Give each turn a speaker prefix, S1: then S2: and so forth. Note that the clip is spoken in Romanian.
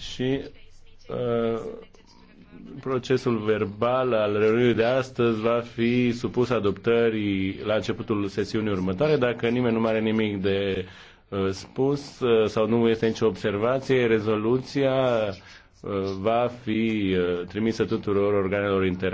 S1: și uh, procesul verbal al reuniunii de astăzi va fi supus adoptării la începutul sesiunii următoare. Dacă nimeni nu are nimic de uh, spus uh, sau nu este nicio observație, rezoluția uh, va fi uh, trimisă tuturor organelor
S2: interne.